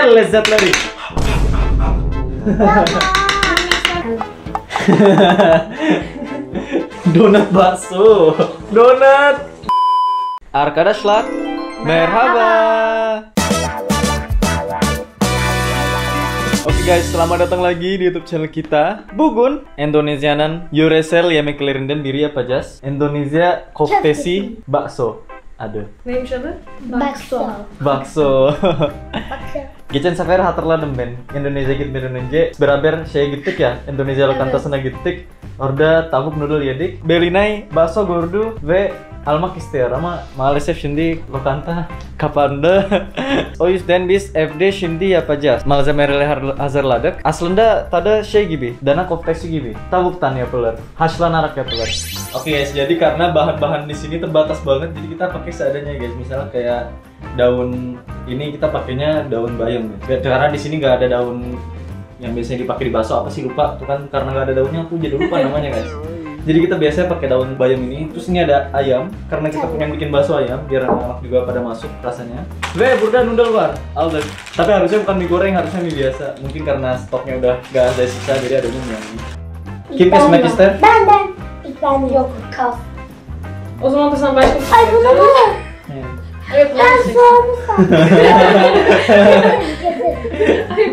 El iya, lezat lari. Donat bakso. Donat. Arkadaslah. merhaba. Oke okay guys, selamat datang lagi di YouTube channel kita. Bugun Indonesianan Yuresel Yemek dan Biri apa Jas? Indonesia Kopesi, Bakso. Aduh. Name siapa? Bakso. Bakso. Gicen sefer hatırladım ben. Indonesia gitmeden önce beraber saya gittik ya. Indonesia lo lokantasına gittik. Orada tavuk noodle yedik. Ya, Belinay bakso gordu ve almak istiyor ama maalesef şimdi lokanta kapandı. o yüzden biz evde şimdi yapacağız. Malzemeleri hazırladık. Aslında tadı şey gibi, dana Tabuk gibi. Tavuktan yapılır, haşlanarak yapılır. Oke okay, guys, jadi karena bahan-bahan di sini terbatas banget, jadi kita pakai seadanya guys. Misalnya kayak daun ini kita pakainya daun bayam. Guys. Karena di sini nggak ada daun yang biasanya dipakai di bakso apa sih lupa tuh kan karena nggak ada daunnya aku jadi lupa namanya guys. Jadi kita biasanya pakai daun bayam ini. Terus ini ada ayam karena kita pengen bikin bakso ayam biar anak-anak juga pada masuk rasanya. Weh, burda nunda luar. Alden. Tapi harusnya bukan mie goreng, harusnya mie biasa. Mungkin karena stoknya udah nggak ada sisa jadi ada mie. Keep this, magister. sister. Bye Ben yok kaf. O zaman da sen başka bir şey Ay bunu mu? Evet. Ben seçeceksin. Şey. soğanı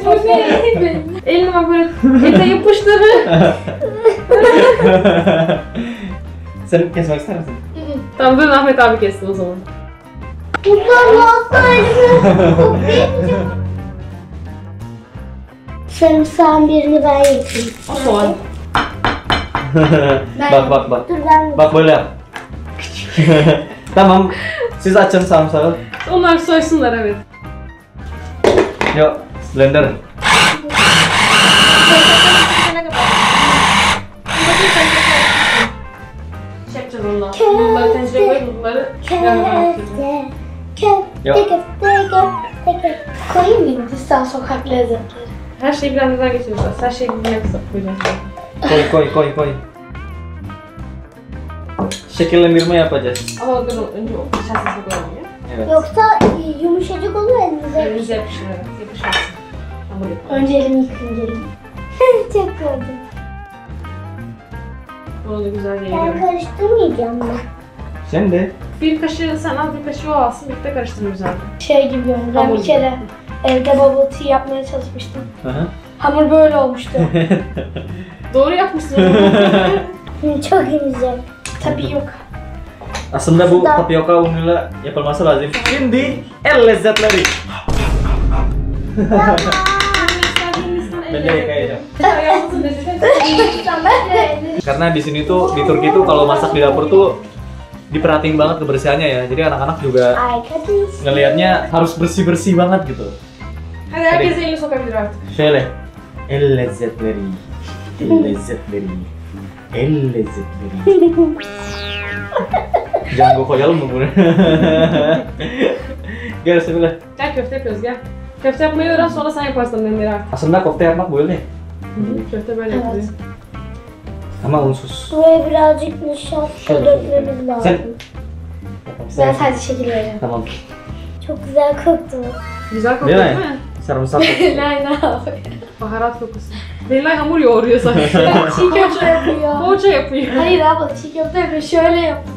sandım. Ay bu ne? Elini bak böyle ete yapıştırı. Sen hep kesmek ister misin? Tamam dur Ahmet abi kessin o zaman. Bunlar olsaydı koklayacağım. Sarımsağın birini ben yedim. O soğan bak bak bak. Bak böyle yap. tamam. Siz açın samsağı. Onlar soysunlar evet. Yok. Blender. Koyayım mı Hindistan sokak lezzetleri? Her şeyi blenderdan geçireceğiz. Her şeyi bilmek koyacağız. Koy koy koy koy. Şekillendirme yapacağız. Ama dur önce o şasisi koyalım ya. Evet. Yoksa yumuşacık olur elinize. Elinize yapışır evet. Önce elimi yıkayınca Çok gördüm. Bunu da güzel Ben karıştırmayacağım ben. Sen de. Bir kaşığı sen al, bir kaşığı o alsın. Birlikte karıştırıyoruz zaten. Şey gibi yani ben Hamur bir kere evde bubble tea yapmaya çalışmıştım. Hı Hamur böyle olmuştu. Doğru yapmışsın. Çok güzel. Tapioka. Aslında bu tapioka unuyla yapılması lazım. Şimdi el lezzetleri. Beda ya kayaknya. Karena di sini tuh di Turki tuh kalau masak di dapur tuh diperhatiin banget kebersihannya ya. Jadi anak-anak juga ngelihatnya harus bersih-bersih banget gitu. Ada Hadi suka iyi Saya Şöyle. El lezzetleri. El lezzetleri. El lezzetleri. Django koyalım mı bunu? gel Semile. Gel köfte yapıyoruz gel. Köfte yapmayı öğren sonra sen yaparsın demleri artık. Aslında köfte yapmak böyle. Hı, köfte böyle Evet. yapılıyor. Ama unsuz. Buraya birazcık nişasta dökmemiz lazım. Sen... Ben sadece şekil veriyorum. Tamam. Çok güzel koktu. Güzel kokuyor Değil değil mi? mi? Sarımsak. Leyla abi. baharat kokusu. Leyla hamur yoğuruyor sanki. çiğ köfte yapıyor. Poğaça yapıyor. Hayır abla çiğ köfte yapıyor. Şöyle yaptı.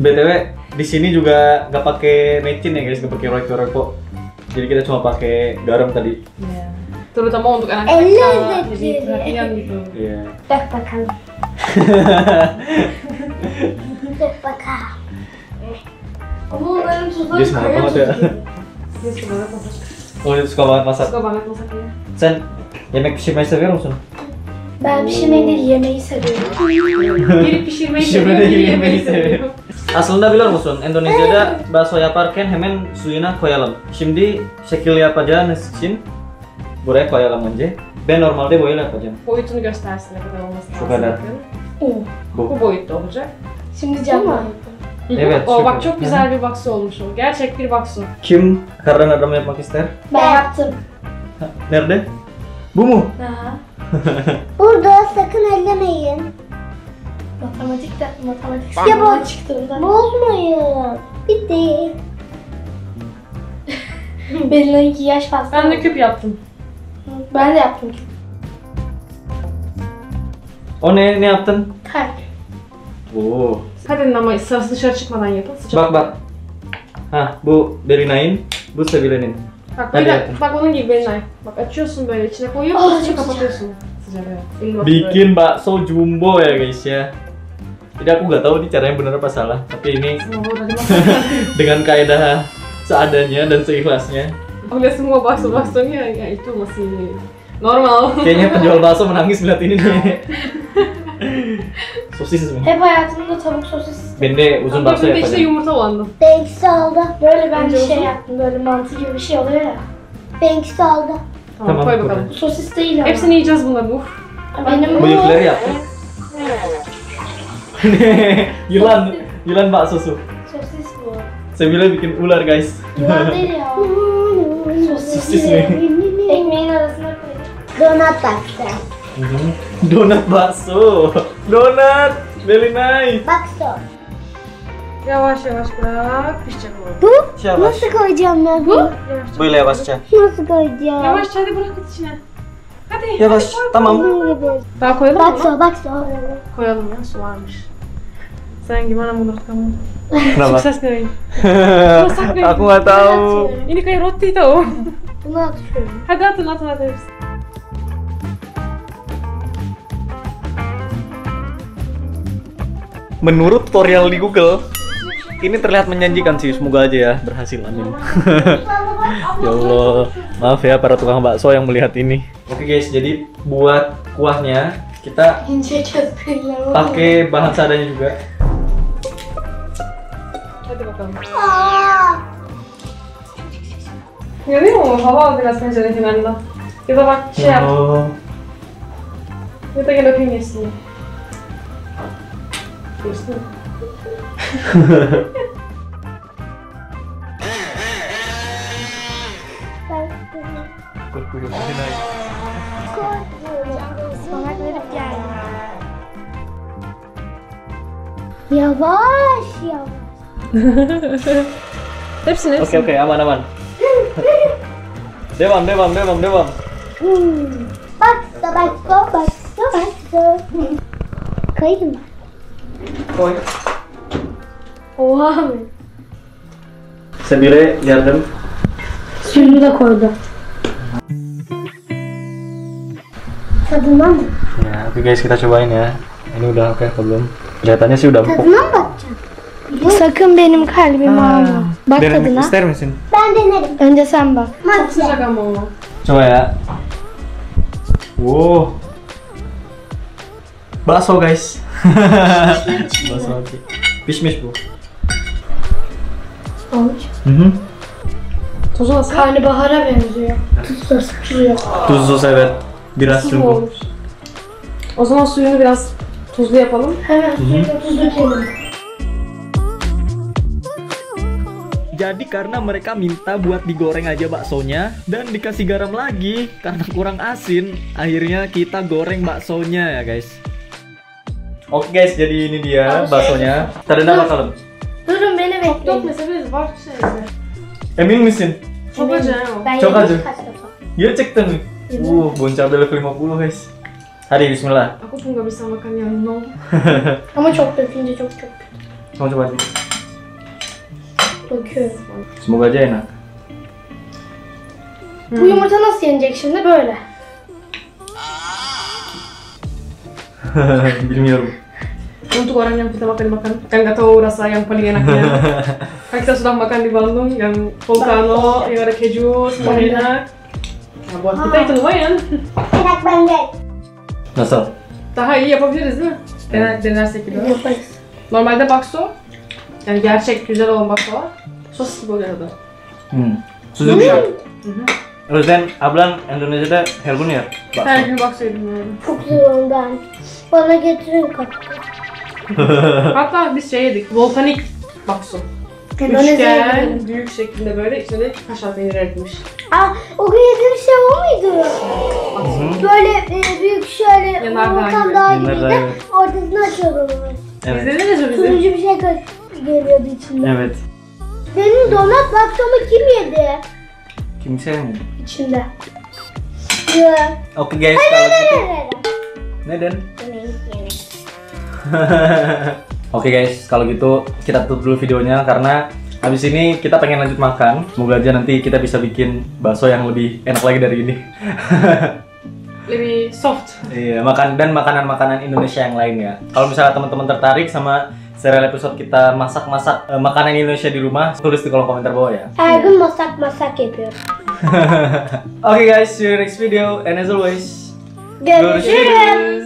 BTW di sini juga gak pakai mecin ya guys, gak pakai royco kok. Jadi kita cuma pakai garam tadi. Iya. Terutama untuk anak anak Eh, iya, gitu. Iya. Iya, iya. Iya, iya. Kamu iya. Iya, iya. Iya, banget ya. iya. Iya, banget. Tuğrul suka banget masak. Suka banget ya. Sen yemek pişirmeyi seviyor musun? Ben pişirmeyi değil yemeği seviyorum. Biri pişirmeyi seviyor, biri yemeği seviyor. Aslında biliyor musun Endonezya'da baso yaparken hemen suyuna koyalım. Şimdi şekil yapacağınız için buraya koyalım önce. Ben normalde böyle yapacağım. Boyutunu göstersin ne kadar olması lazım. Şu kadar. Bu. Bu boyutta olacak. Şimdi cam Evet. o bak çok güzel bir baksı olmuş o. Gerçek bir baksı. Kim kardan adam yapmak ister? Ben yaptım. Nerede? Bu mu? Aha. Burada sakın ellemeyin. Matematik de matematik. Ya bu çıktım da. Bozmayın. Bitti. Belin'in iki yaş fazla. Ben de küp yaptım. Ben de yaptım küp. O ne ne yaptın? Kalp. Oo. Hadi nama sarısı dışarı çıkmadan yapın. Sıcak. Bak bak. Ha bu Berinay'ın, bu Sevilen'in. Bak böyle, Hadi. bak onun gibi Berinay. Bak açıyorsun böyle içine koyuyor. oh, sonra kapatıyorsun. Sıcak evet. Bikin bakso jumbo ya guys ya. Jadi aku nggak tahu ini caranya benar apa salah, tapi ini dengan kaedah seadanya dan seikhlasnya. Oh lihat semua bakso-baksonya ya itu masih normal. Kayaknya penjual bakso menangis melihat ini nih. Sosis mi? Hep hayatımda tavuk sosis Ben de uzun baksa yapacağım. işte yumurta bandım. Banks'i aldı. Böyle ben Bence bir şey yaptım. Böyle mantı gibi bir şey oluyor ya. Banks'i aldı. Tamam, Tamam, koy bakalım. Bu sosis değil ama. Hepsini yiyeceğiz bunların. Uf. Benim bu Bıyıkları yaptım. yılan, yılan baksosu. Sosis bu. Sevgili bikin ular guys. Yılan değil ya. sosis. Sosis mi? Ekmeğin arasına koydum. Donat baktı. Donat bakso. Donat, beli naik. Bakso. Yavaş yavaş bırak, pişecek bu. Bu? Yavaş. Nasıl koyacağım ben bunu? Böyle yavaşça. Nasıl koyacağım? Yavaşça hadi bırak içine. Hadi. Yavaş, hadi, tamam. Daha koyalım bakso, mı? Bakso, bakso. Koyalım ya, su varmış. Sayang gimana menurut kamu? Kenapa? Sukses nih. Aku gak tahu. Ini kayak roti tau. atışıyorum. Hadi atın atın menurut tutorial di Google ini terlihat menjanjikan sih semoga aja ya berhasil amin ya Allah maaf ya para tukang bakso yang melihat ini oke guys jadi buat kuahnya kita pakai bahan seadanya juga Ya, ini mau vad deras kanske är くりした。やばいよ。レプシネプシ。オッケーオッケー、アマンアマン。レバンレバンレバンレバン。バッとバッとバッとバッと。可以吗？Koy. Oha abi. Sen bire geldim. koydu. Tadından Ya, oke guys kita cobain ya. Ini udah oke okay, belum? Kelihatannya sih udah empuk. Tadına mı Sakın benim kalbim ha. alma. Bak Derin, tadına. İster misin? Ben denerim. Önce sen bak. Çok sıcak ama o. Coba ya. Wow. Bakso guys. Bakso oke. Pişmiş bu. Olmuş. Hı hı. Tuz az. Karnabahara benziyor. Tuz az. Tuzu evet. Biraz Tuzlu O zaman suyunu biraz tuzlu yapalım. Hemen mhm. suyuna tuz dökelim. Jadi karena mereka minta buat digoreng aja baksonya dan dikasih garam lagi karena kurang asin, akhirnya kita goreng baksonya ya guys. Oke guys, jadi ini dia baksonya. Tadına bakalım. Durun beni benim. Çok meseleyiz var Emin misin? Çok acı. Çok acı. Gerçekten mi? Uh, boncar dari 50 guys. Hadi bismillah. Aku pun gak bisa makan yang nol. Kamu çok dökünce çok çok kötü. coba hadi. Döküyorum. Semoga aja enak. Hmm. Bu yumurta nasıl yenecek şimdi böyle? Bilmiyorum. untuk orang yang bisa makan makan kan nggak tahu rasa yang paling enaknya kan kita sudah makan di Bandung yang volcano yang ada keju semuanya enak nah buat kita itu ah. lumayan enak banget nasab daha apa iya, yapabiliriz değil mi? Dener, hmm. denersek bir Yaparız. Normalde bakso, yang gerçek güzel olan bakso Sos gibi oluyor hmm sos Sucuk hmm. mhm. Terus kan, ya? dan ablan Indonesia her gün ya. Bakso. Her gün bakso yedim yani. Çok Bana getirin kapı. Hatta biz şey yedik. Volkanik baksın. Üçgen, büyük şeklinde böyle içinde kaşar peynir eritmiş. Aa, o gün yediğim şey o muydu? Böyle e, büyük şöyle Yanardağ volkan gibi. dağı gibi Yanardağ ortasını açıyordu. Evet. İzlediniz bizi? Turuncu bir şey geliyordu içinde. Evet. Benim donat baksamı kim yedi Kimse mi? içinde? Ya. Oku genç kaldı. Neden? Benimki. Oke okay guys, kalau gitu kita tutup dulu videonya karena habis ini kita pengen lanjut makan. Semoga aja nanti kita bisa bikin bakso yang lebih enak lagi dari ini. lebih soft. Iya, makan dan makanan-makanan Indonesia yang lain ya. Kalau misalnya teman-teman tertarik sama serial episode kita masak-masak uh, makanan Indonesia di rumah, tulis di kolom komentar bawah ya. Eh, aku masak-masak ya, Oke guys, see you next video and as always, go, go